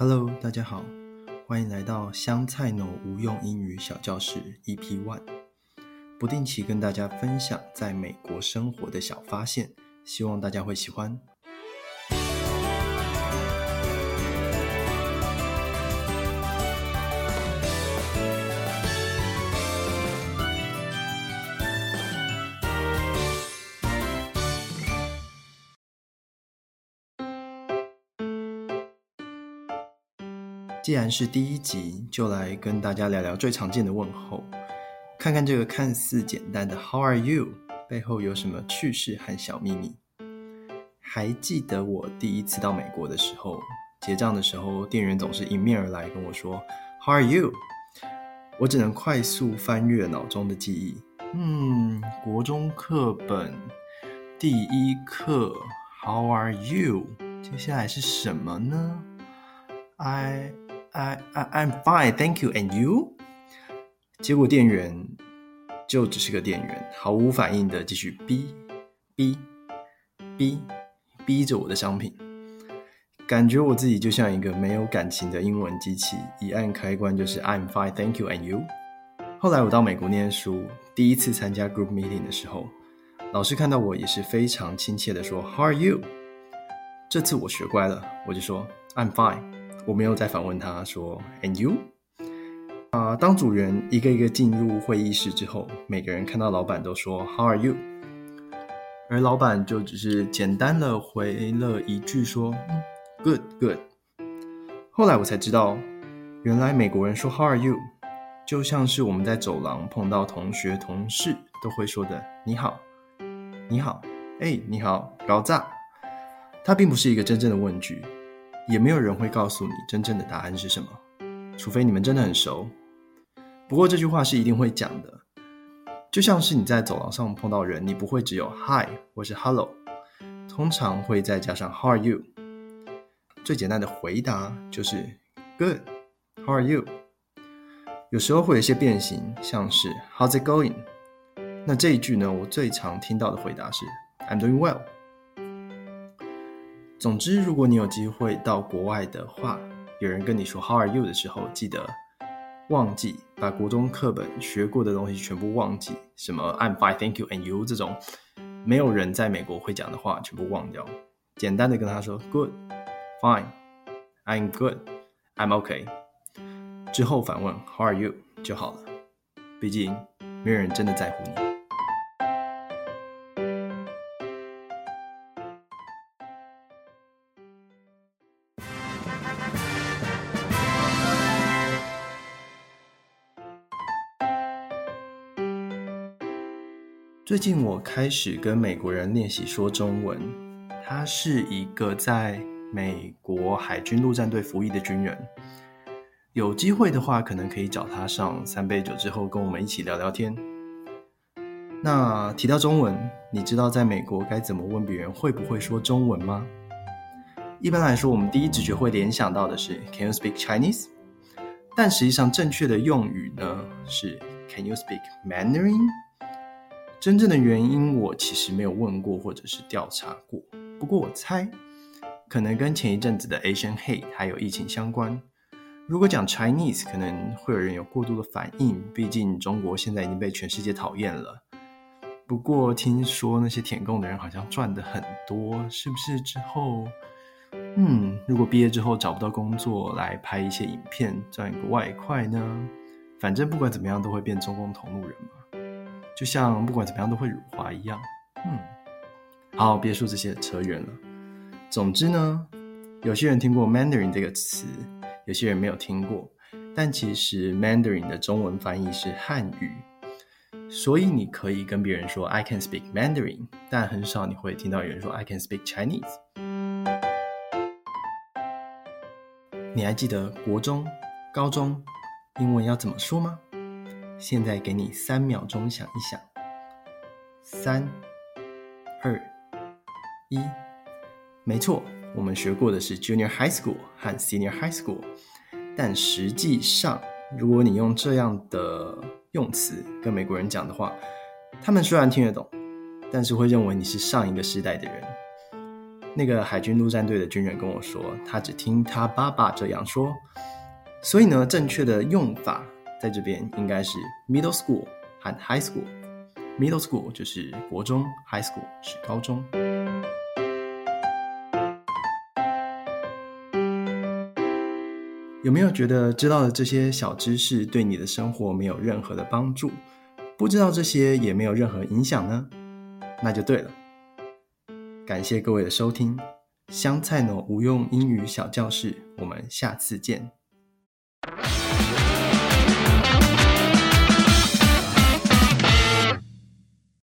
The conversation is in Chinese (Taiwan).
Hello，大家好，歡迎來到香菜の無用英語小教室 EP One，不定期跟大家分享在美國生活的小發現，希望大家會喜歡。既然是第一集，就來跟大家聊聊最常見的問候，看看這個看似簡單的 “How are you” 背後有什麼趣事和小祕密。還記得我第一次到美國的時候，結賬的時候，店員總是迎面而來跟我說 “How are you”，我只能快速翻閱腦中的記憶，嗯，國中課本第一課 “How are you”，接下來是什麼呢？I I I I'm fine, thank you. And you? 結果店員就只是個店員，毫無反應的繼續逼逼逼逼着我的商品，感覺我自己就像一個沒有感情的英文機器，一按開關就是 I'm fine, thank you. And you? 後來我到美國念書，第一次參加 group meeting 的時候，老師看到我也是非常親切的說 How are you? 這次我學乖了，我就說 I'm fine. 我沒有再反問他說：“And you？” 啊，當組員一個一個進入會議室之後，每個人看到老板都說 “How are you？” 而老板就只是簡單的回了一句說：“Good, good。”後來我才知道，原來美國人說 “How are you？” 就像是我們在走廊碰到同學、同事都會說的“你好，你好，哎、欸，你好”，搞砸。它並不是一個真正的問句。也沒有人會告訴你真正的答案是什麼，除非你們真的很熟。不過這句話是一定會講的，就像是你在走廊上碰到人，你不會只有 Hi 或是 Hello，通常會再加上 How are you？最簡單的回答就是 Good，How are you？有時候會有一些變形，像是 How's it going？那這一句呢，我最常聽到的回答是 I'm doing well。總之，如果你有機會到國外的話，有人跟你說 “How are you” 的時候，記得忘記把國中課本學過的東西全部忘記，什麼 “I'm fine, thank you and you” 這種沒有人在美國會講的話全部忘掉，簡單的跟他說 “Good, fine, I'm good, I'm okay”，之後反問 “How are you” 就好了。畢竟沒有人真的在乎你。最近我開始跟美國人練習說中文，他是一個在美國海軍陸戰隊服役的軍人。有機會的話，可能可以找他上三杯酒之後跟我們一起聊聊天。那提到中文，你知道在美國該怎麼問別人會不會說中文嗎？一般來說，我們第一直覺會聯想到的是 “Can you speak Chinese？” 但實際上，正確的用語呢是 “Can you speak Mandarin？” 真正的原因我其實沒有問過，或者是調查過。不過我猜，可能跟前一陣子的 Asian Hate 還有疫情相關。如果講 Chinese，可能會有人有過度的反應，畢竟中國現在已經被全世界討厭了。不過聽說那些舔共的人好像賺得很多，是不是之後？嗯，如果畢業之後找不到工作，來拍一些影片賺一個外快呢？反正不管怎麼樣，都會變中共同路人嘛。就像不管怎麼樣都會辱華一樣，嗯，好，別說這些扯遠了。總之呢，有些人聽過 Mandarin 這個詞，有些人沒有聽過。但其實 Mandarin 的中文翻譯是漢語，所以你可以跟別人說 I can speak Mandarin，但很少你會聽到有人說 I can speak Chinese。你還記得國中、高中英文要怎麼說嗎？現在給你三秒鐘想一想，三、二、一，沒錯，我們學過的是 junior high school 和 senior high school，但實際上，如果你用這樣的用詞跟美國人講的話，他們雖然聽得懂，但是會認為你是上一個時代的人。那個海軍陸戰隊的軍人跟我說，他只聽他爸爸這樣說，所以呢，正確的用法。在這邊應該是 middle school 和 high school。middle school 就是國中，high school 是高中。有沒有覺得知道的這些小知識對你的生活沒有任何的幫助，不知道這些也沒有任何影響呢？那就對了。感謝各位的收聽，香菜の無用英語小教室，我們下次見。